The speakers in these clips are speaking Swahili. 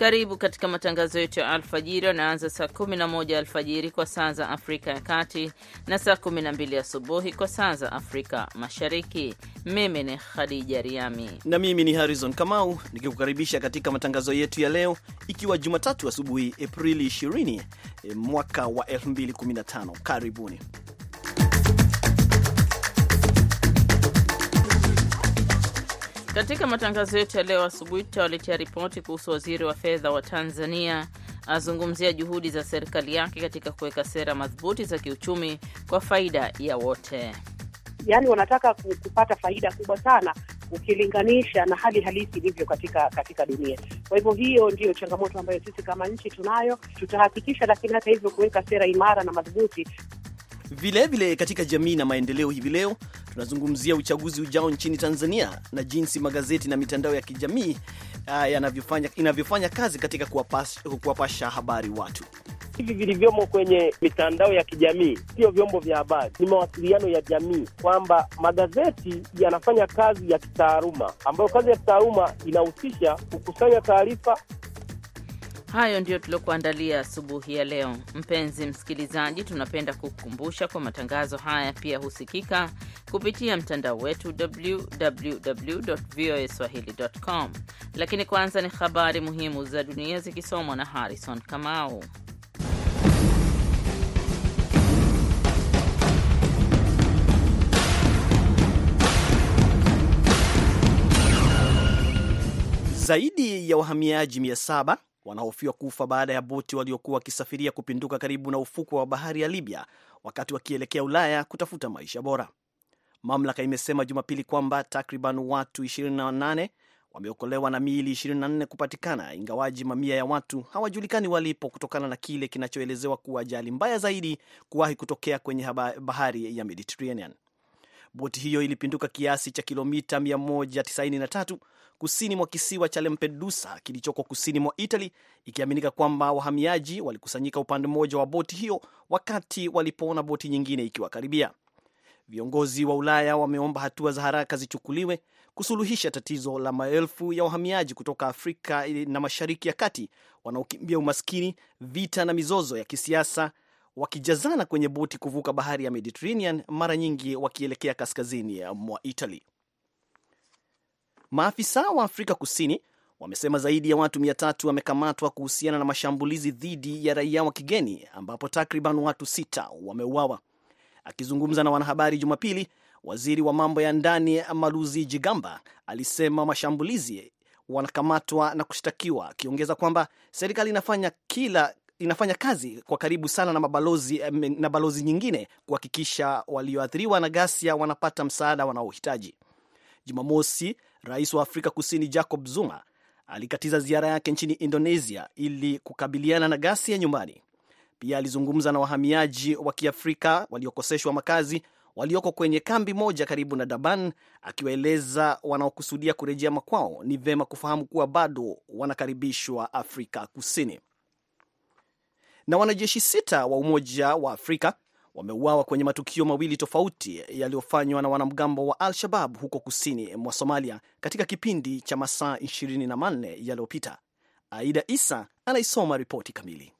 Karibu katika matangazo yetu ya alfajiri yanaanza saa 11 alfajiri kwa saa za Afrika ya Kati na saa 12 asubuhi kwa saa za Afrika Mashariki. Mimi ni Khadija Riami na mimi ni Harrison Kamau nikikukaribisha katika matangazo yetu ya leo, ikiwa Jumatatu asubuhi Aprili 20 mwaka wa 2015. Karibuni. Katika matangazo yetu ya leo asubuhi tutawaletea ripoti kuhusu waziri wa fedha wa Tanzania azungumzia juhudi za serikali yake katika kuweka sera madhubuti za kiuchumi kwa faida ya wote. Yaani wanataka kupata faida kubwa sana ukilinganisha na hali halisi ilivyo katika katika dunia. Kwa hivyo hiyo ndiyo changamoto ambayo sisi kama nchi tunayo, tutahakikisha, lakini hata hivyo kuweka sera imara na madhubuti Vilevile vile katika jamii na maendeleo, hivi leo tunazungumzia uchaguzi ujao nchini Tanzania na jinsi magazeti na mitandao ya kijamii uh, inavyofanya kazi katika kuwapasha, kuwapasha habari watu hivi vilivyomo kwenye mitandao ya kijamii sio vyombo vya habari, ni mawasiliano ya jamii, kwamba magazeti yanafanya kazi ya kitaaluma, ambayo kazi ya kitaaluma inahusisha kukusanya taarifa, Hayo ndiyo tuliokuandalia asubuhi ya leo. Mpenzi msikilizaji, tunapenda kukukumbusha kwa matangazo haya pia husikika kupitia mtandao wetu www voa swahili com, lakini kwanza ni habari muhimu za dunia zikisomwa na Harrison Kamau. Zaidi ya wahamiaji mia saba wanahofiwa kufa baada ya boti waliokuwa wakisafiria kupinduka karibu na ufukwe wa bahari ya Libya wakati wakielekea Ulaya kutafuta maisha bora. Mamlaka imesema Jumapili kwamba takriban watu 28 wameokolewa na miili 24 kupatikana, ingawaji mamia ya watu hawajulikani walipo kutokana na kile kinachoelezewa kuwa ajali mbaya zaidi kuwahi kutokea kwenye bahari ya Mediterranean. Boti hiyo ilipinduka kiasi cha kilomita 193 kusini mwa kisiwa cha Lampedusa kilichoko kusini mwa Italy, ikiaminika kwamba wahamiaji walikusanyika upande mmoja wa boti hiyo wakati walipoona boti nyingine ikiwakaribia. Viongozi wa Ulaya wameomba hatua za haraka zichukuliwe kusuluhisha tatizo la maelfu ya wahamiaji kutoka Afrika na Mashariki ya Kati wanaokimbia umaskini, vita na mizozo ya kisiasa wakijazana kwenye boti kuvuka bahari ya Mediterranean, mara nyingi wakielekea kaskazini mwa Italy. Maafisa wa Afrika Kusini wamesema zaidi ya watu mia tatu wamekamatwa kuhusiana na mashambulizi dhidi ya raia wa kigeni ambapo takriban watu sita wameuawa. Akizungumza na wanahabari Jumapili, waziri wa mambo ya ndani Maluzi Jigamba alisema mashambulizi wanakamatwa na kushtakiwa, akiongeza kwamba serikali inafanya kila inafanya kazi kwa karibu sana na mabalozi, eh, na balozi nyingine kuhakikisha walioathiriwa na ghasia wanapata msaada wanaohitaji. Jumamosi, rais wa Afrika Kusini Jacob Zuma alikatiza ziara yake nchini Indonesia ili kukabiliana na ghasia nyumbani. Pia alizungumza na wahamiaji wa Kiafrika waliokoseshwa makazi walioko kwenye kambi moja karibu na Daban, akiwaeleza wanaokusudia kurejea makwao ni vema kufahamu kuwa bado wanakaribishwa Afrika Kusini na wanajeshi sita wa Umoja wa Afrika wameuawa kwenye matukio mawili tofauti yaliyofanywa na wanamgambo wa Al-Shabab huko kusini mwa Somalia katika kipindi cha masaa 24 yaliyopita. Aida Isa anaisoma ripoti kamili.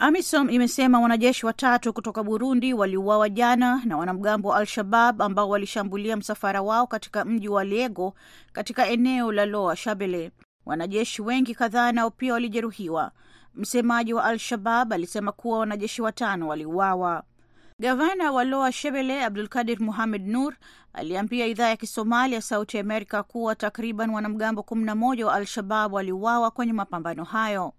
AMISOM imesema wanajeshi watatu kutoka Burundi waliuawa jana na wanamgambo wa Al-Shabab ambao walishambulia msafara wao katika mji wa Liego katika eneo la Loa Shabele. Wanajeshi wengi kadhaa nao pia walijeruhiwa. Msemaji wa Al-Shabab alisema kuwa wanajeshi watano waliuawa. Gavana wa Loa Shebele abdul Kadir Muhamed Nur aliambia idhaa ya Kisomali ya Sauti Amerika kuwa takriban wanamgambo 11 wa Al-Shabab waliuawa kwenye mapambano hayo.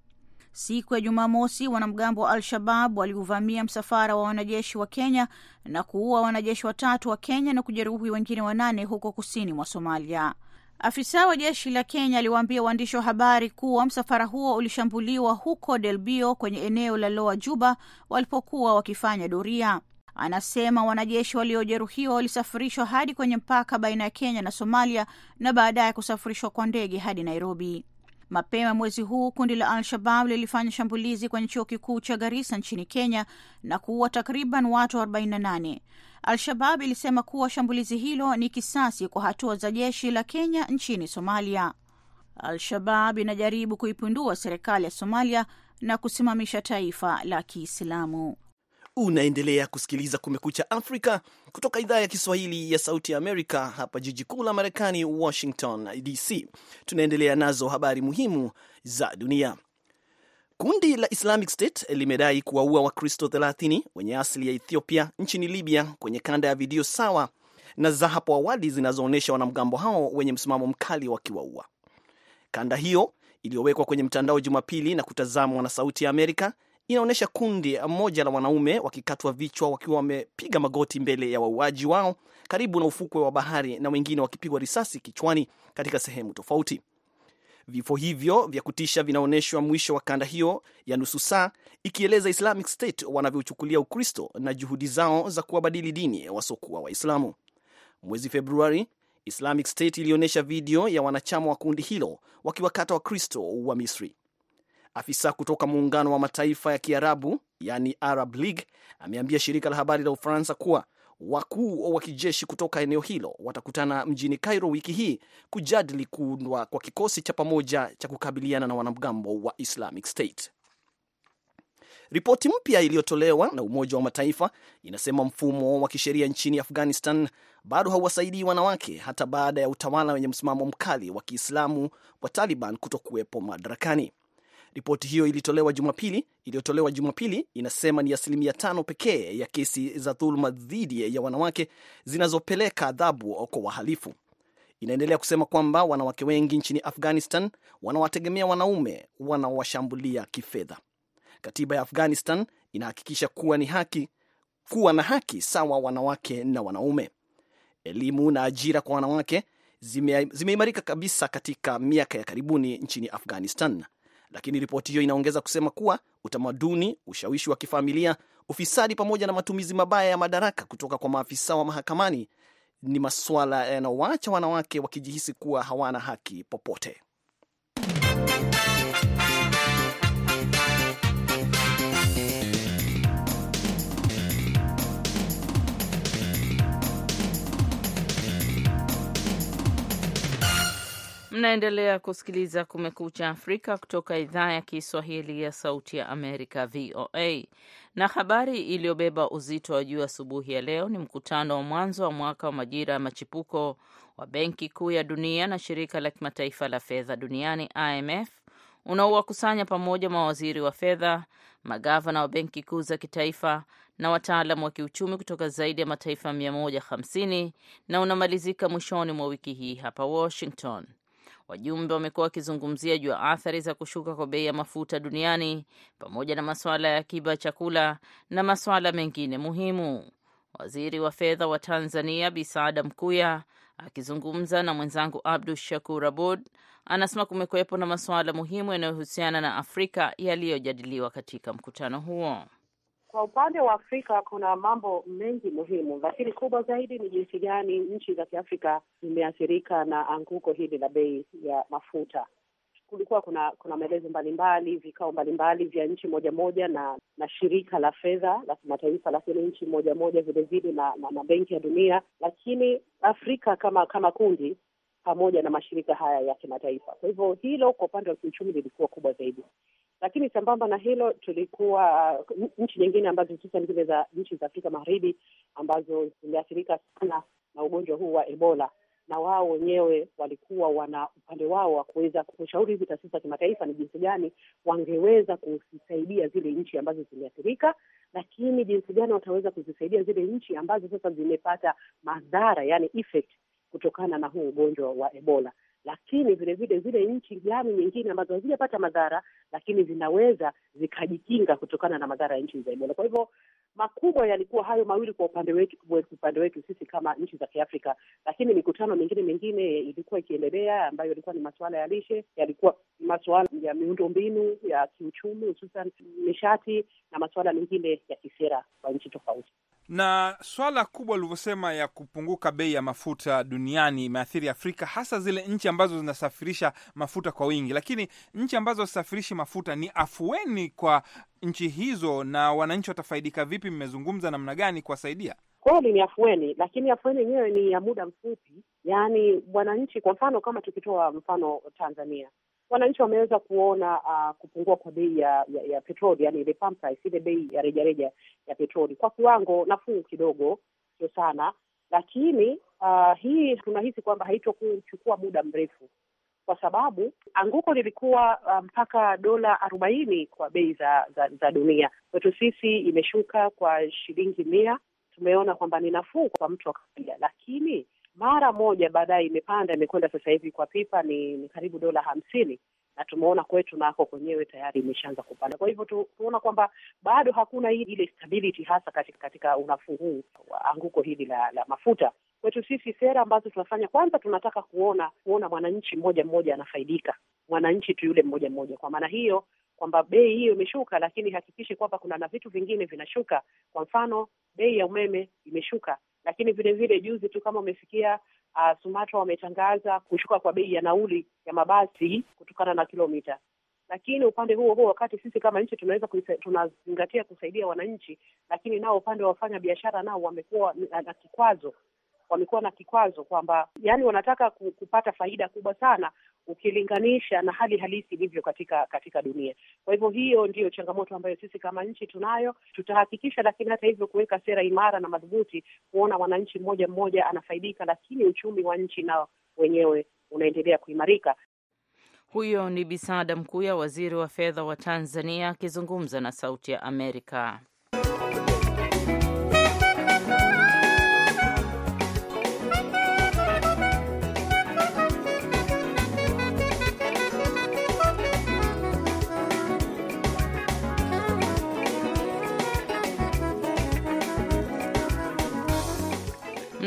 Siku ya Jumamosi, wanamgambo wa Al-Shabab waliuvamia msafara wa wanajeshi wa Kenya na kuua wanajeshi watatu wa Kenya na kujeruhi wengine wanane huko kusini mwa Somalia. Afisa wa jeshi la Kenya aliwaambia waandishi wa habari kuwa msafara huo ulishambuliwa huko Delbio kwenye eneo la Loa Juba walipokuwa wakifanya doria. Anasema wanajeshi waliojeruhiwa walisafirishwa hadi kwenye mpaka baina ya Kenya na Somalia na baadaye kusafirishwa kwa ndege hadi Nairobi. Mapema mwezi huu kundi la Al-Shabab lilifanya shambulizi kwenye chuo kikuu cha Garissa nchini Kenya na kuua takriban watu 48. Al-Shabab ilisema kuwa shambulizi hilo ni kisasi kwa hatua za jeshi la Kenya nchini Somalia. Al-Shabab inajaribu kuipindua serikali ya Somalia na kusimamisha taifa la Kiislamu. Unaendelea kusikiliza Kumekucha Afrika kutoka idhaa ya Kiswahili ya Sauti ya Amerika, hapa jiji kuu la Marekani, Washington DC. Tunaendelea nazo habari muhimu za dunia. Kundi la Islamic State limedai kuwaua Wakristo 30 wenye asili ya Ethiopia nchini Libya kwenye kanda ya video sawa na za hapo awali zinazoonyesha wanamgambo hao wenye msimamo mkali wakiwaua. Kanda hiyo iliyowekwa kwenye mtandao Jumapili na kutazamwa na Sauti ya Amerika inaonyesha kundi moja la wanaume wakikatwa vichwa wakiwa wamepiga magoti mbele ya wauaji wao karibu na ufukwe wa bahari na wengine wakipigwa risasi kichwani katika sehemu tofauti. Vifo hivyo vya kutisha vinaonyeshwa mwisho wa kanda hiyo ya nusu saa, ikieleza Islamic State wanavyochukulia Ukristo na juhudi zao za kuwabadili dini wasokuwa Waislamu. Mwezi Februari, Islamic State ilionyesha video ya wanachama wa kundi hilo wakiwakata Wakristo wa Misri. Afisa kutoka muungano wa mataifa ya Kiarabu, yani Arab League, ameambia shirika la habari la Ufaransa kuwa Wakuu wa kijeshi kutoka eneo hilo watakutana mjini Cairo wiki hii kujadili kuundwa kwa kikosi cha pamoja cha kukabiliana na wanamgambo wa Islamic State. Ripoti mpya iliyotolewa na Umoja wa Mataifa inasema mfumo wa kisheria nchini Afghanistan bado hauwasaidii wanawake hata baada ya utawala wenye msimamo mkali wa Kiislamu wa Taliban kutokuwepo madarakani. Ripoti hiyo ilitolewa Jumapili iliyotolewa Jumapili inasema ni asilimia tano pekee ya kesi za dhuluma dhidi ya wanawake zinazopeleka adhabu kwa wahalifu. Inaendelea kusema kwamba wanawake wengi nchini Afghanistan wanawategemea wanaume wanaowashambulia kifedha. Katiba ya Afghanistan inahakikisha kuwa ni haki kuwa na haki sawa wanawake na wanaume. Elimu na ajira kwa wanawake zimeimarika zime kabisa katika miaka ya karibuni nchini Afghanistan. Lakini ripoti hiyo inaongeza kusema kuwa utamaduni, ushawishi wa kifamilia, ufisadi pamoja na matumizi mabaya ya madaraka kutoka kwa maafisa wa mahakamani ni masuala yanayowaacha wanawake wakijihisi kuwa hawana haki popote. Mnaendelea kusikiliza Kumekucha Afrika kutoka idhaa ya Kiswahili ya Sauti ya Amerika, VOA. Na habari iliyobeba uzito wa juu asubuhi ya leo ni mkutano wa mwanzo wa mwaka wa majira ya machipuko wa Benki Kuu ya Dunia na Shirika la Kimataifa la Fedha Duniani, IMF, unaowakusanya pamoja mawaziri wa fedha, magavana wa benki kuu za kitaifa na wataalam wa kiuchumi kutoka zaidi ya mataifa 150 na unamalizika mwishoni mwa wiki hii hapa Washington. Wajumbe wamekuwa wakizungumzia juu ya athari za kushuka kwa bei ya mafuta duniani pamoja na masuala ya akiba chakula na masuala mengine muhimu. Waziri wa fedha wa Tanzania Bisaada Mkuya akizungumza na mwenzangu Abdu Shakur Abud anasema kumekuwepo na masuala muhimu yanayohusiana na Afrika yaliyojadiliwa katika mkutano huo. Kwa upande wa Afrika kuna mambo mengi muhimu, lakini kubwa zaidi ni jinsi gani nchi za Kiafrika zimeathirika na anguko hili la bei ya mafuta. Kulikuwa kuna kuna maelezo mbalimbali, vikao mbalimbali vya nchi moja moja na na shirika la fedha la kimataifa, lakini nchi moja moja vilevile na, na, na benki ya Dunia, lakini Afrika kama kama kundi pamoja na mashirika haya ya kimataifa. Kwa hivyo hilo kwa upande wa kiuchumi lilikuwa kubwa zaidi, lakini sambamba na hilo, tulikuwa uh, nchi nyingine ambazo hususan zile za nchi za Afrika Magharibi ambazo zimeathirika sana na ugonjwa huu wa Ebola, na wao wenyewe walikuwa wana upande wao wa kuweza kushauri hizi taasisi za kimataifa ni jinsi gani wangeweza kuzisaidia zile nchi ambazo zimeathirika, lakini jinsi gani wataweza kuzisaidia zile nchi ambazo sasa zimepata madhara, yani effect kutokana na huu ugonjwa wa Ebola lakini vilevile zile nchi jirani nyingine ambazo hazijapata madhara, lakini zinaweza zikajikinga kutokana na madhara ya nchi za Ebola. Kwa hivyo makubwa yalikuwa hayo mawili kwa upande wetu, upande wetu sisi kama nchi za Kiafrika, lakini mikutano mingine mingine ilikuwa ikiendelea ambayo ilikuwa ni masuala ya lishe, yalikuwa masuala ya miundo mbinu ya kiuchumi, hususan nishati na masuala mengine ya kisera kwa nchi tofauti. Na swala kubwa ulivyosema ya kupunguka bei ya mafuta duniani imeathiri Afrika, hasa zile nchi ambazo zinasafirisha mafuta kwa wingi, lakini nchi ambazo zisafirishi mafuta ni afueni kwa nchi hizo na wananchi watafaidika vipi? Mmezungumza namna gani kuwasaidia? Kweli ni afueni, lakini afueni yenyewe ni ya muda mfupi. Yaani wananchi, kwa mfano kama tukitoa mfano Tanzania, wananchi wameweza kuona uh, kupungua kwa bei ya, ya, ya petroli, yani ile pump price, ile bei ya rejareja ya petroli kwa kiwango nafuu kidogo, sio sana, lakini uh, hii tunahisi kwamba haitokuchukua muda mrefu kwa sababu anguko lilikuwa uh, mpaka um, dola arobaini kwa bei za, za, za dunia. Kwetu sisi imeshuka kwa shilingi mia. Tumeona kwamba ni nafuu kwa mtu wa kawaida, lakini mara moja baadaye imepanda, imekwenda sasa hivi kwa pipa ni, ni karibu dola hamsini na tumeona kwetu nako kwenyewe tayari imeshaanza kupanda. Kwa hivyo tunaona kwamba bado hakuna ile stability hasa katika, katika unafuu huu wa anguko hili la, la mafuta. Kwetu sisi sera ambazo tunafanya, kwanza tunataka kuona kuona mwananchi mmoja mmoja anafaidika, mwananchi tu yule mmoja mmoja. Kwa maana hiyo kwamba bei hiyo imeshuka, lakini hakikishi kwamba kuna na vitu vingine vinashuka. Kwa mfano bei ya umeme imeshuka, lakini vile vile juzi tu kama umesikia uh, ah, Sumatra wametangaza kushuka kwa bei ya nauli ya mabasi kutokana na kilomita lakini upande huo huo, wakati sisi kama nchi tunaweza tunazingatia kusaidia wananchi, lakini nao upande wa wafanya biashara nao wamekuwa na kikwazo wamekuwa na kikwazo kwamba yani wanataka kupata faida kubwa sana ukilinganisha na hali halisi ilivyo katika katika dunia. Kwa hivyo hiyo ndiyo changamoto ambayo sisi kama nchi tunayo, tutahakikisha lakini hata hivyo kuweka sera imara na madhubuti, kuona mwananchi mmoja mmoja anafaidika, lakini uchumi wa nchi nao wenyewe unaendelea kuimarika. Huyo ni Bisada Mkuya, waziri wa fedha wa Tanzania, akizungumza na Sauti ya Amerika.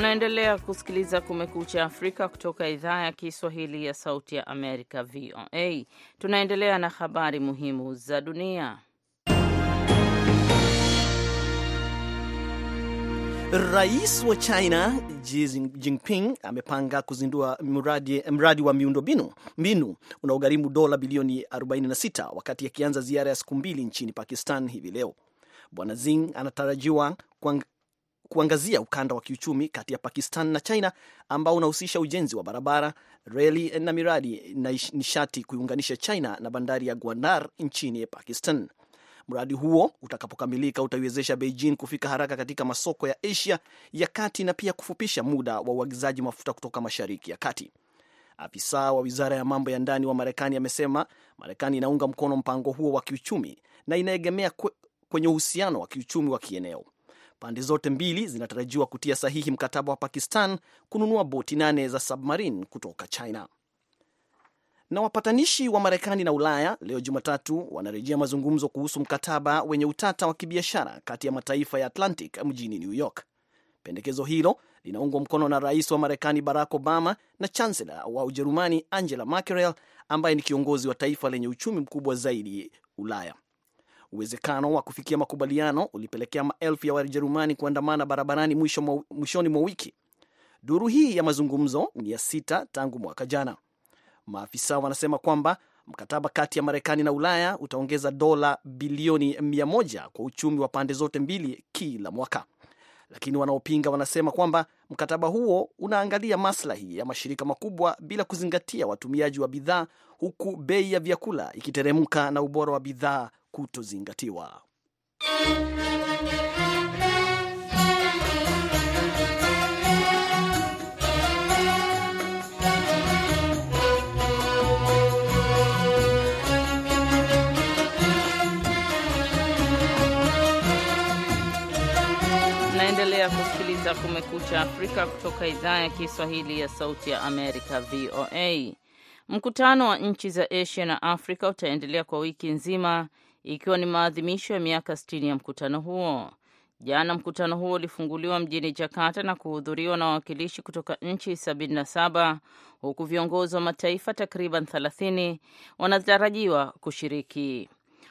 Mnaendelea kusikiliza Kumekucha Afrika kutoka idhaa ya Kiswahili ya Sauti ya Amerika, VOA. Tunaendelea na habari muhimu za dunia. Rais wa China Xi Jinping amepanga kuzindua mradi, mradi wa miundombinu mbinu unaogharimu dola bilioni 46 wakati akianza ziara ya siku mbili nchini Pakistan hivi leo. Bwana Xi anatarajiwa kuangazia ukanda wa kiuchumi kati ya Pakistan na China ambao unahusisha ujenzi wa barabara, reli na miradi na nishati kuiunganisha China na bandari ya Gwandar nchini Pakistan. Mradi huo utakapokamilika utaiwezesha Beijing kufika haraka katika masoko ya Asia ya kati na pia kufupisha muda wa uagizaji mafuta kutoka mashariki ya kati. Afisa wa wizara ya mambo ya ndani wa Marekani amesema Marekani inaunga mkono mpango huo wa kiuchumi na inaegemea kwenye uhusiano wa kiuchumi wa kieneo. Pande zote mbili zinatarajiwa kutia sahihi mkataba wa Pakistan kununua boti nane za submarine kutoka China. Na wapatanishi wa Marekani na Ulaya leo Jumatatu wanarejea mazungumzo kuhusu mkataba wenye utata wa kibiashara kati ya mataifa ya Atlantic mjini New York. Pendekezo hilo linaungwa mkono na rais wa Marekani Barack Obama na chancellor wa Ujerumani Angela Merkel ambaye ni kiongozi wa taifa lenye uchumi mkubwa zaidi Ulaya. Uwezekano wa kufikia makubaliano ulipelekea maelfu ya Wajerumani kuandamana barabarani mwisho, mwishoni mwa wiki. Duru hii ya mazungumzo ni ya sita tangu mwaka jana. Maafisa wanasema kwamba mkataba kati ya Marekani na Ulaya utaongeza dola bilioni 100 kwa uchumi wa pande zote mbili kila mwaka, lakini wanaopinga wanasema kwamba mkataba huo unaangalia maslahi ya mashirika makubwa bila kuzingatia watumiaji wa bidhaa, huku bei ya vyakula ikiteremka na ubora wa bidhaa kutozingatiwa. Naendelea kusikiliza Kumekucha Afrika kutoka idhaa ya Kiswahili ya Sauti ya Amerika, VOA. Mkutano wa nchi za Asia na Afrika utaendelea kwa wiki nzima ikiwa ni maadhimisho ya miaka 60 ya mkutano huo. Jana mkutano huo ulifunguliwa mjini Jakarta na kuhudhuriwa na wawakilishi kutoka nchi 77 huku viongozi wa mataifa takriban 30 wanatarajiwa kushiriki.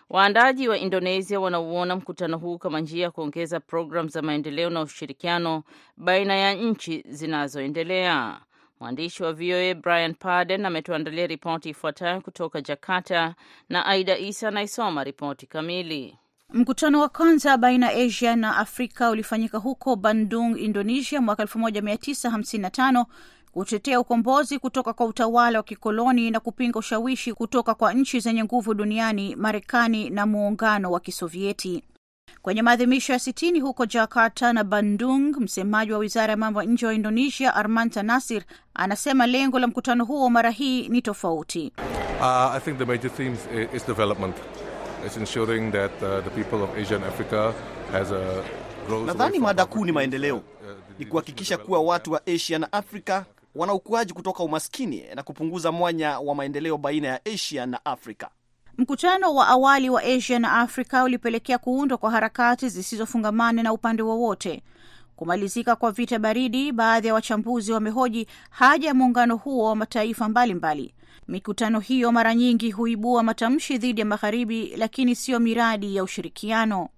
Waandaji wa Indonesia wanauona mkutano huu kama njia ya kuongeza programu za maendeleo na ushirikiano baina ya nchi zinazoendelea. Mwandishi wa VOA Brian Paden ametuandalia ripoti ifuatayo kutoka Jakarta na Aida Isa anaisoma ripoti kamili. Mkutano wa kwanza baina ya Asia na Afrika ulifanyika huko Bandung, Indonesia mwaka 1955 kutetea ukombozi kutoka kwa utawala wa kikoloni na kupinga ushawishi kutoka kwa nchi zenye nguvu duniani, Marekani na muungano wa Kisovieti kwenye maadhimisho ya sitini huko Jakarta na Bandung. Msemaji wa wizara ya mambo ya nje wa Indonesia, Armanta Nasir, anasema lengo la mkutano huo mara hii ni tofauti. Uh, I think the major uh, is development. It's ensuring that uh, the people of Asia and Africa has a Nadhani mada kuu ni maendeleo, uh, ni kuhakikisha kuwa watu wa Asia na Afrika wana ukuaji kutoka umaskini na kupunguza mwanya wa maendeleo baina ya Asia na Afrika. Mkutano wa awali wa Asia na Afrika ulipelekea kuundwa kwa harakati zisizofungamana na upande wowote. Kumalizika kwa vita baridi, baadhi ya wachambuzi wamehoji haja ya muungano huo wa mataifa mbalimbali mbali. Mikutano hiyo mara nyingi huibua matamshi dhidi ya magharibi, lakini siyo miradi ya ushirikiano.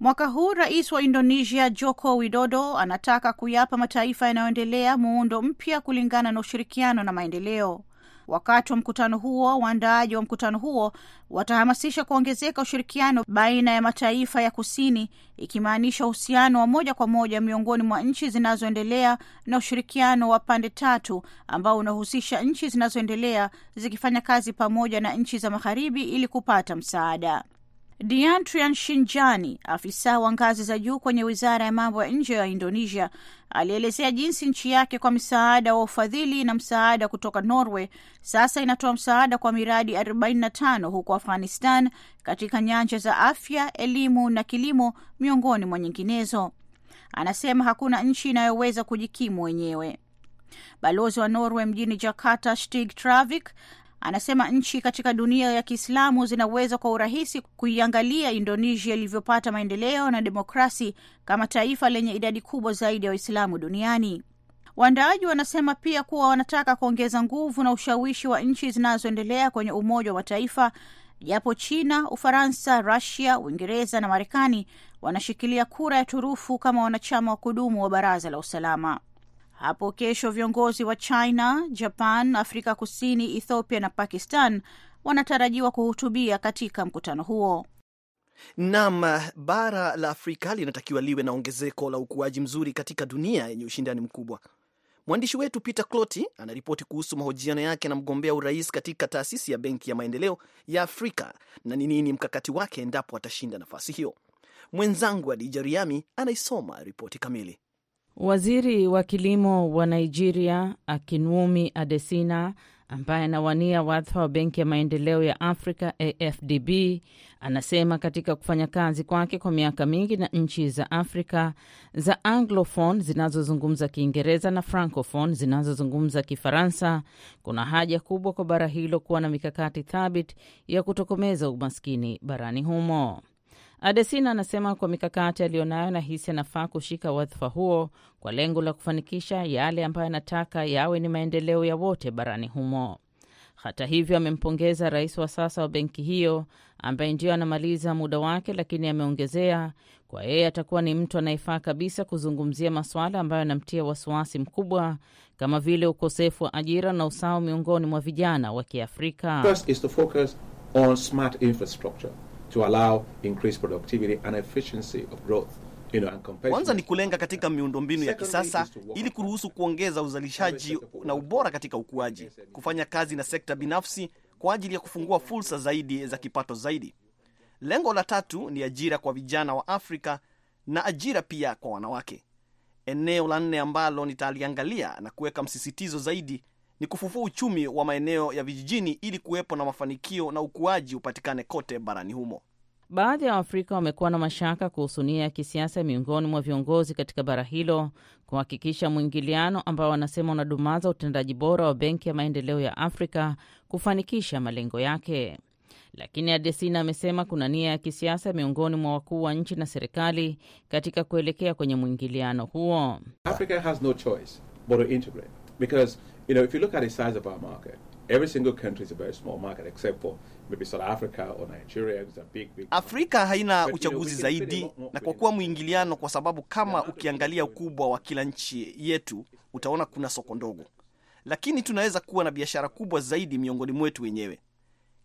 Mwaka huu rais wa Indonesia Joko Widodo anataka kuyapa mataifa yanayoendelea muundo mpya kulingana na ushirikiano na maendeleo. Wakati wa mkutano huo, waandaaji wa mkutano huo watahamasisha kuongezeka ushirikiano baina ya mataifa ya kusini, ikimaanisha uhusiano wa moja kwa moja miongoni mwa nchi zinazoendelea na ushirikiano wa pande tatu ambao unahusisha nchi zinazoendelea zikifanya kazi pamoja na nchi za magharibi ili kupata msaada. Diantrian Shinjani, afisa wa ngazi za juu kwenye wizara ya mambo ya nje ya Indonesia, alielezea jinsi nchi yake kwa msaada wa ufadhili na msaada kutoka Norway sasa inatoa msaada kwa miradi 45 huko Afghanistan katika nyanja za afya, elimu na kilimo, miongoni mwa nyinginezo. Anasema hakuna nchi inayoweza kujikimu wenyewe. Balozi wa Norway mjini Jakarta, Stig Travik, Anasema nchi katika dunia ya Kiislamu zinaweza kwa urahisi kuiangalia Indonesia ilivyopata maendeleo na demokrasi kama taifa lenye idadi kubwa zaidi ya wa Waislamu duniani. Waandaaji wanasema pia kuwa wanataka kuongeza nguvu na ushawishi wa nchi zinazoendelea kwenye Umoja wa Mataifa, japo China, Ufaransa, rasia Uingereza na Marekani wanashikilia kura ya turufu kama wanachama wa kudumu wa Baraza la Usalama. Hapo kesho viongozi wa China, Japan, Afrika Kusini, Ethiopia na Pakistan wanatarajiwa kuhutubia katika mkutano huo. Naam, bara la Afrika linatakiwa liwe na ongezeko la ukuaji mzuri katika dunia yenye ushindani mkubwa. Mwandishi wetu Peter Cloti anaripoti kuhusu mahojiano yake na mgombea urais katika taasisi ya Benki ya Maendeleo ya Afrika na ni nini mkakati wake endapo atashinda nafasi hiyo. Mwenzangu Adija Riami anaisoma ripoti kamili. Waziri wa kilimo wa Nigeria Akinwumi Adesina ambaye anawania wadhifa wa Benki ya Maendeleo ya Afrika AfDB anasema katika kufanya kazi kwake kwa miaka mingi na nchi za Afrika za Anglophone zinazozungumza Kiingereza na Francophone zinazozungumza Kifaransa, kuna haja kubwa kwa bara hilo kuwa na mikakati thabiti ya kutokomeza umaskini barani humo. Adesina anasema kwa mikakati aliyonayo anahisi anafaa kushika wadhifa huo kwa lengo la kufanikisha yale ambayo anataka yawe ni maendeleo ya wote barani humo. Hata hivyo, amempongeza rais wa sasa wa benki hiyo ambaye ndiyo anamaliza muda wake, lakini ameongezea kwa yeye atakuwa ni mtu anayefaa kabisa kuzungumzia masuala ambayo yanamtia wasiwasi mkubwa kama vile ukosefu wa ajira na usawa miongoni mwa vijana wa Kiafrika to allow increased productivity and efficiency of growth. kwanza ni kulenga katika miundombinu ya kisasa ili kuruhusu kuongeza uzalishaji na ubora katika ukuaji, kufanya kazi na sekta binafsi kwa ajili ya kufungua fursa zaidi za kipato zaidi. Lengo la tatu ni ajira kwa vijana wa Afrika na ajira pia kwa wanawake. Eneo la nne ambalo nitaliangalia na kuweka msisitizo zaidi ni kufufua uchumi wa maeneo ya vijijini ili kuwepo na mafanikio na ukuaji upatikane kote barani humo. Baadhi ya Waafrika wamekuwa na mashaka kuhusu nia ya kisiasa miongoni mwa viongozi katika bara hilo kuhakikisha mwingiliano ambao wanasema unadumaza utendaji bora wa Benki ya Maendeleo ya Afrika kufanikisha malengo yake. Lakini Adesina amesema kuna nia ya kisiasa miongoni mwa wakuu wa nchi na serikali katika kuelekea kwenye mwingiliano huo. Africa has no choice but to integrate because you know, if you look at the size of our market, every single country is a very small market except for maybe South Africa or Nigeria It's a big, big Afrika haina But, uchaguzi you know, zaidi more, more, na kwa kuwa mwingiliano, kwa sababu kama ukiangalia ukubwa wa kila nchi yetu utaona kuna soko ndogo, lakini tunaweza kuwa na biashara kubwa zaidi miongoni mwetu wenyewe.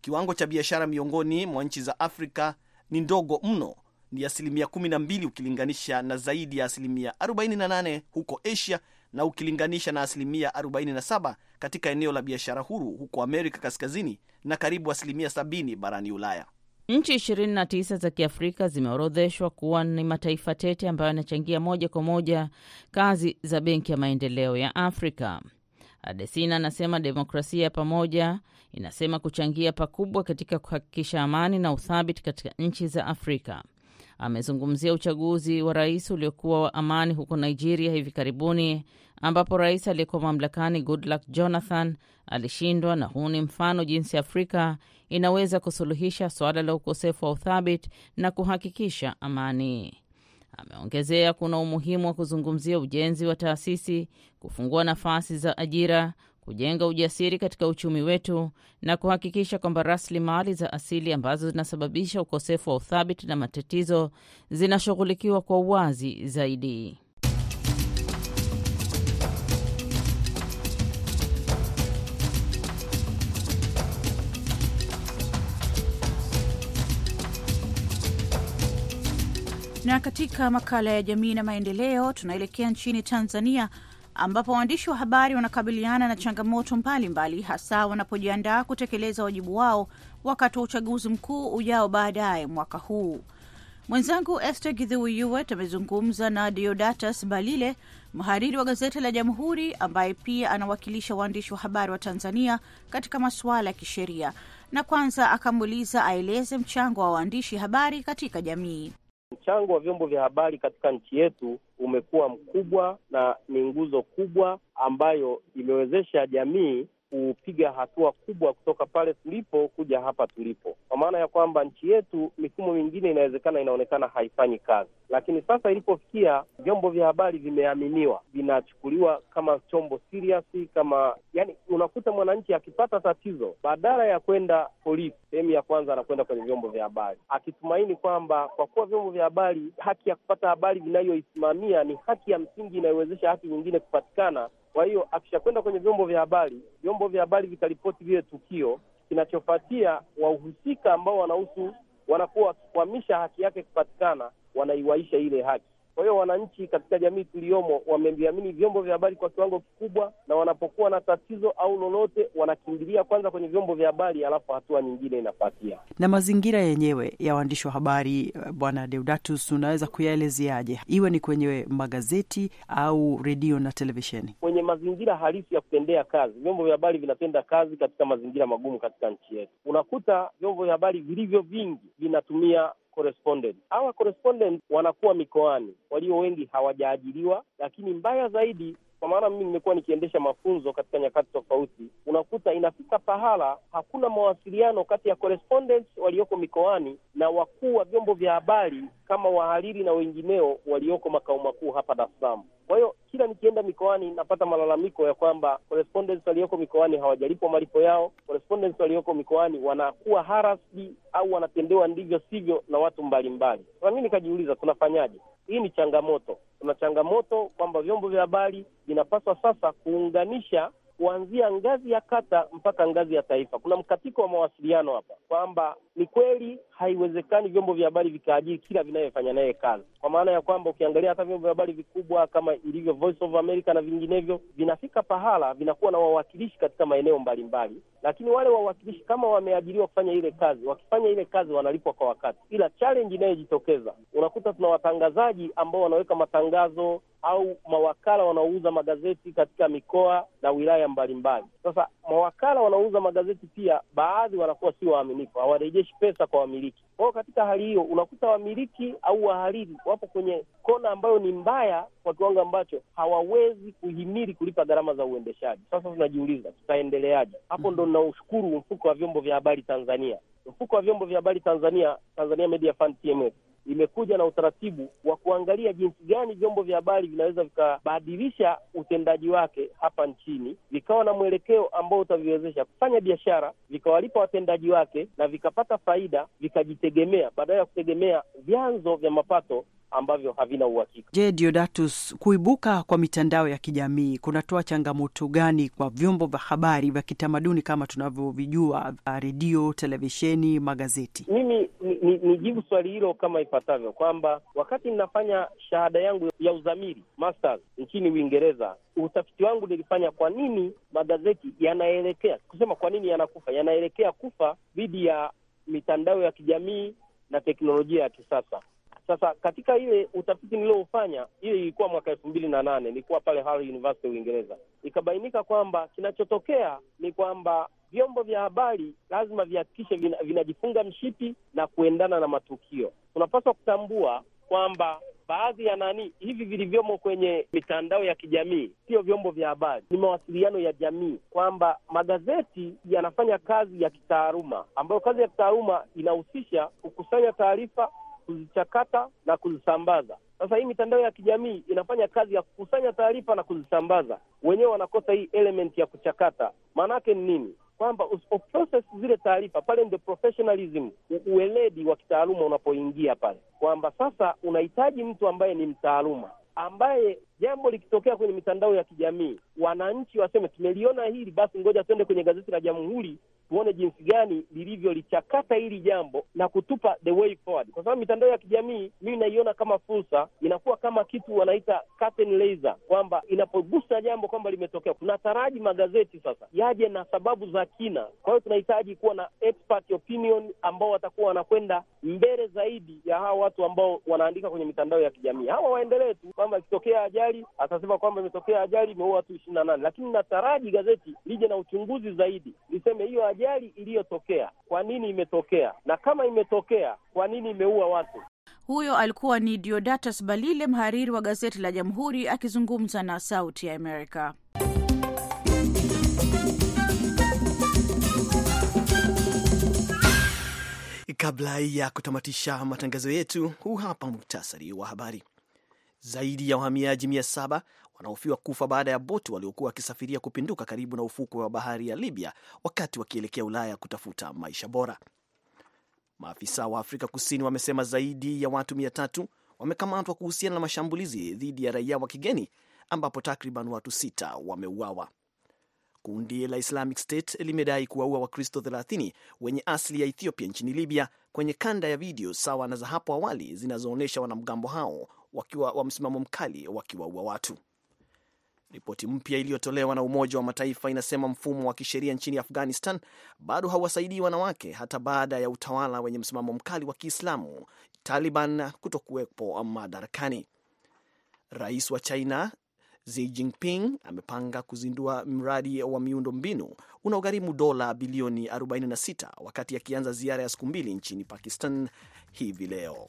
Kiwango cha biashara miongoni mwa nchi za Afrika ni ndogo mno, ni asilimia 12 ukilinganisha na zaidi ya asilimia 48 huko Asia na ukilinganisha na asilimia 47 katika eneo la biashara huru huko Amerika Kaskazini na karibu asilimia 70 barani Ulaya. Nchi 29 za Kiafrika zimeorodheshwa kuwa ni mataifa tete ambayo yanachangia moja kwa moja kazi za Benki ya Maendeleo ya Afrika. Adesina anasema demokrasia ya pamoja inasema kuchangia pakubwa katika kuhakikisha amani na uthabiti katika nchi za Afrika amezungumzia uchaguzi wa rais uliokuwa wa amani huko Nigeria hivi karibuni ambapo rais aliyekuwa mamlakani Goodluck Jonathan alishindwa, na huu ni mfano jinsi Afrika inaweza kusuluhisha suala la ukosefu wa uthabiti na kuhakikisha amani. Ameongezea kuna umuhimu wa kuzungumzia ujenzi wa taasisi, kufungua nafasi za ajira, kujenga ujasiri katika uchumi wetu na kuhakikisha kwamba rasilimali za asili ambazo zinasababisha ukosefu wa uthabiti na matatizo zinashughulikiwa kwa uwazi zaidi. Na katika makala ya jamii na maendeleo tunaelekea nchini Tanzania ambapo waandishi wa habari wanakabiliana na changamoto mbalimbali mbali, hasa wanapojiandaa kutekeleza wajibu wao wakati wa uchaguzi mkuu ujao baadaye mwaka huu. Mwenzangu Esther Githui amezungumza na Deodatus Balile, mhariri wa gazeti la Jamhuri, ambaye pia anawakilisha waandishi wa habari wa Tanzania katika masuala ya kisheria, na kwanza akamuuliza aeleze mchango wa waandishi habari katika jamii. Mchango wa vyombo vya habari katika nchi yetu umekuwa mkubwa na ni nguzo kubwa ambayo imewezesha jamii kupiga hatua kubwa kutoka pale tulipo kuja hapa tulipo, kwa maana ya kwamba nchi yetu mifumo mingine inawezekana inaonekana haifanyi kazi, lakini sasa ilipofikia, vyombo vya habari vimeaminiwa, vinachukuliwa kama chombo serious, kama yani, unakuta mwananchi akipata tatizo, badala ya kwenda polisi, sehemu ya kwanza anakwenda kwenye vyombo vya habari, akitumaini kwamba kwa kuwa vyombo vya habari haki ya kupata habari vinayoisimamia ni haki ya msingi inayowezesha haki nyingine kupatikana, kwa hiyo akishakwenda kwenye vyombo vya habari, vyombo vya habari vikaripoti vile tukio, kinachofuatia wahusika ambao wanahusu wanakuwa wakikwamisha haki yake kupatikana, wanaiwaisha ile haki. Kwa hiyo wananchi katika jamii tuliyomo wameviamini vyombo vya habari kwa kiwango kikubwa, na wanapokuwa na tatizo au lolote wanakimbilia kwanza kwenye vyombo vya habari, alafu hatua nyingine inafuatia. Na mazingira yenyewe ya waandishi wa habari, eh, Bwana Deudatus, unaweza kuyaelezeaje, iwe ni kwenye magazeti au redio na televisheni? Kwenye mazingira halisi ya kutendea kazi, vyombo vya habari vinatenda kazi katika mazingira magumu katika nchi yetu. Unakuta vyombo vya habari vilivyo vingi vinatumia correspondent. Hawa correspondent wanakuwa mikoani, walio wengi hawajaajiriwa, lakini mbaya zaidi kwa maana mimi nimekuwa nikiendesha mafunzo katika nyakati tofauti, unakuta inafika pahala hakuna mawasiliano kati ya correspondents walioko mikoani na wakuu wa vyombo vya habari kama wahariri na wengineo walioko makao makuu hapa Dar es Salaam. Kwa hiyo kila nikienda mikoani napata malalamiko ya kwamba correspondents walioko mikoani hawajalipwa malipo yao, correspondents walioko mikoani wanakuwa harasi au wanatendewa ndivyo sivyo na watu mbalimbali. Sasa mi nikajiuliza, tunafanyaje? Hii ni changamoto. Tuna changamoto kwamba vyombo vya habari vinapaswa sasa kuunganisha kuanzia ngazi ya kata mpaka ngazi ya taifa. Kuna mkatiko wa mawasiliano hapa kwamba ni kweli haiwezekani vyombo vya habari vikaajiri kila vinavyofanya naye kazi, kwa maana ya kwamba ukiangalia hata vyombo vya habari vikubwa kama ilivyo Voice of America na vinginevyo, vinafika pahala vinakuwa na wawakilishi katika maeneo mbalimbali, lakini wale wawakilishi kama wameajiriwa kufanya ile kazi, wakifanya ile kazi wanalipwa kwa wakati, ila challenge inayojitokeza unakuta tuna watangazaji ambao wanaweka matangazo au mawakala wanaouza magazeti katika mikoa na wilaya mbalimbali mbali. Sasa mawakala wanauza magazeti pia, baadhi wanakuwa si waaminifu, hawarejeshi pesa kwa wamiliki. Kwa hiyo katika hali hiyo unakuta wamiliki au wahariri wapo kwenye kona ambayo ni mbaya kwa kiwango ambacho hawawezi kuhimili kulipa gharama za uendeshaji. Sasa tunajiuliza tutaendeleaje hapo? Mhm. Ndo naushukuru mfuko wa vyombo vya habari Tanzania, mfuko wa vyombo vya habari Tanzania, Tanzania Media Fund TMF imekuja na utaratibu wa kuangalia jinsi gani vyombo vya habari vinaweza vikabadilisha utendaji wake hapa nchini, vikawa na mwelekeo ambao utaviwezesha kufanya biashara, vikawalipa watendaji wake na vikapata faida, vikajitegemea badala ya kutegemea vyanzo vya mapato ambavyo havina uhakika. Je, Diodatus, kuibuka kwa mitandao ya kijamii kunatoa changamoto gani kwa vyombo vya habari vya kitamaduni kama tunavyovijua, redio, televisheni, magazeti? Mimi nijibu swali hilo kama ifuatavyo kwamba wakati ninafanya shahada yangu ya uzamili masters nchini Uingereza, utafiti wangu nilifanya kwa nini magazeti yanaelekea kusema, kwa nini yanakufa, yanaelekea kufa dhidi ya mitandao ya kijamii na teknolojia ya kisasa. Sasa katika ile utafiti nilioufanya, ile ilikuwa mwaka elfu mbili na nane nilikuwa pale Hull University Uingereza, ikabainika kwamba kinachotokea ni kwamba vyombo vya habari lazima vihakikishe vinajifunga vina mshipi na kuendana na matukio. Tunapaswa kutambua kwamba baadhi ya nani hivi vilivyomo kwenye mitandao ya kijamii sio vyombo vya habari, ni mawasiliano ya jamii, kwamba magazeti yanafanya kazi ya kitaaluma, ambayo kazi ya kitaaluma inahusisha kukusanya taarifa kuzichakata na kuzisambaza. Sasa hii mitandao ya kijamii inafanya kazi ya kukusanya taarifa na kuzisambaza, wenyewe wanakosa hii element ya kuchakata. yake ni nini? Kwamba usipoprocess zile taarifa pale, ndio professionalism, uweledi wa kitaaluma unapoingia pale, kwamba sasa unahitaji mtu ambaye ni mtaaluma ambaye jambo likitokea kwenye mitandao ya kijamii wananchi waseme tumeliona hili, basi ngoja tuende kwenye gazeti la Jamhuri tuone jinsi gani lilivyolichakata hili jambo na kutupa the way forward, kwa sababu mitandao ya kijamii mimi naiona kama fursa, inakuwa kama kitu wanaita curtain laser, kwamba inapogusa jambo kwamba limetokea, tunataraji magazeti sasa yaje na sababu za kina. Kwa hiyo tunahitaji kuwa na expert opinion ambao watakuwa wanakwenda mbele zaidi ya hawa watu ambao wanaandika kwenye mitandao ya kijamii. Hawa waendelee tu kwamba ikitokea ajali atasema kwamba imetokea ajali, imeua watu ishirini na nane, lakini nataraji gazeti lije na uchunguzi zaidi, liseme hiyo ajali iliyotokea, kwa nini imetokea, na kama imetokea, kwa nini imeua watu. Huyo alikuwa ni Diodatus Balile, mhariri wa gazeti la Jamhuri, akizungumza na Sauti ya Amerika. Kabla ya kutamatisha matangazo yetu, huu hapa muktasari wa habari. Zaidi ya wahamiaji mia saba wanahofiwa kufa baada ya boti waliokuwa wakisafiria kupinduka karibu na ufukwe wa bahari ya Libya wakati wakielekea Ulaya kutafuta maisha bora. Maafisa wa Afrika Kusini wamesema zaidi ya watu mia tatu wamekamatwa kuhusiana na mashambulizi dhidi ya raia wa kigeni ambapo takriban watu sita wameuawa. Kundi la Islamic State limedai kuwaua Wakristo 30 wenye asili ya Ethiopia nchini Libya kwenye kanda ya video sawa na za hapo awali zinazoonyesha wanamgambo hao wakiwa wa msimamo mkali wakiwaua watu. Ripoti mpya iliyotolewa na Umoja wa Mataifa inasema mfumo wa kisheria nchini Afghanistan bado hawasaidii wanawake hata baada ya utawala wenye msimamo mkali wa Kiislamu Taliban kutokuwepo madarakani. Rais wa China Xi Jinping amepanga kuzindua mradi wa miundo mbinu unaogharimu dola bilioni 46 wakati akianza ziara ya siku mbili nchini Pakistan hivi leo.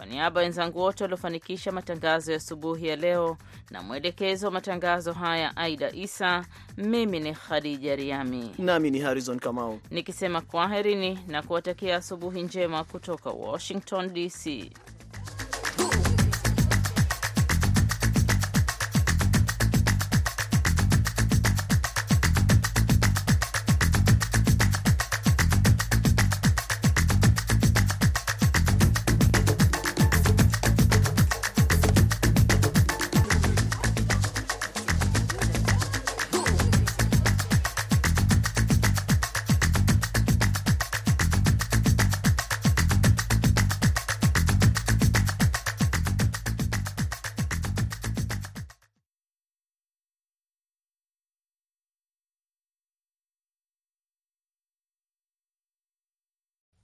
Kwa niaba ya wenzangu wote waliofanikisha matangazo ya asubuhi ya leo na mwelekezo wa matangazo haya Aida Isa, mimi ni Khadija Riami nami ni Harrison Kamau nikisema kwaherini na kuwatakia asubuhi njema kutoka Washington DC.